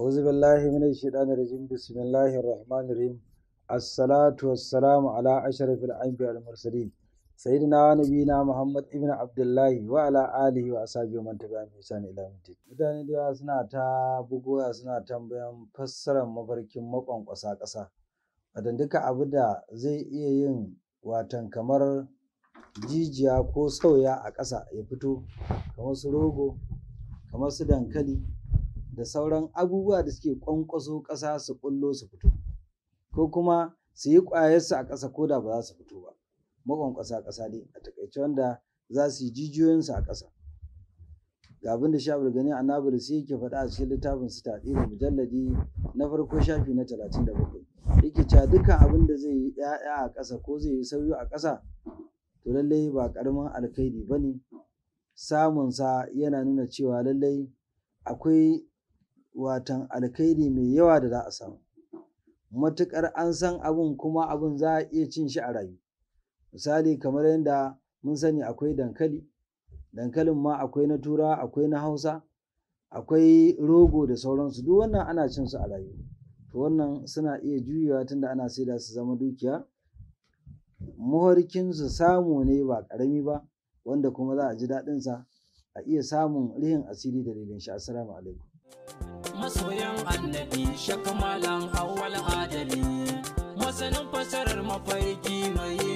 أعوذ بالله من الشيطان الرجيم بسم الله الرحمن الرحيم الصلاة والسلام على أشرف الأنبياء والمرسلين سيدنا نبينا محمد ابن عبد الله وعلى آله وأصحابه ومن تبعهم بإحسان إلى يوم الدين mutane da suna ta bugowa suna tambayan fassarar mafarkin makon ƙasa ƙasa wadan abu da zai iya yin watan kamar jijiya ko sauya a ƙasa ya fito kamar su rogo kamar su dankali da sauran abubuwa da suke ƙwanƙwaso ƙasa su ƙullo su fito ko kuma su yi ƙwayarsu a ƙasa ko da ba za su fito ba maƙwanƙwasa ƙasa ne a taƙaice wanda za su yi jijiyoyinsu a ƙasa ga abin da shafi gani annabi sai yake faɗa a cikin littafin su da mujalladi na farko shafi na talatin da bakwai yake cewa dukkan abin da zai yi ‘ya'ya a ƙasa ko zai yi sauyi a ƙasa to lallai ba ƙaramin alkhairi ba ne samunsa yana nuna cewa lallai akwai watan alkhairi mai yawa da za a samu matuƙar an san abun kuma abun za a iya cin shi a rayu misali kamar yadda mun sani akwai dankali dankalin ma akwai na tura akwai na hausa akwai rogo da sauransu duk wannan ana cin su a rayu to wannan suna iya juyewa tunda ana saida su zama dukiya muhorkin su samu ne ba ƙarami ba wanda kuma za a ji daɗinsa a iya samun rihin asiri dalilin shi assalamu alaikum masoyan annabi shakamalan awwal adali masanin fasarar mafarki mai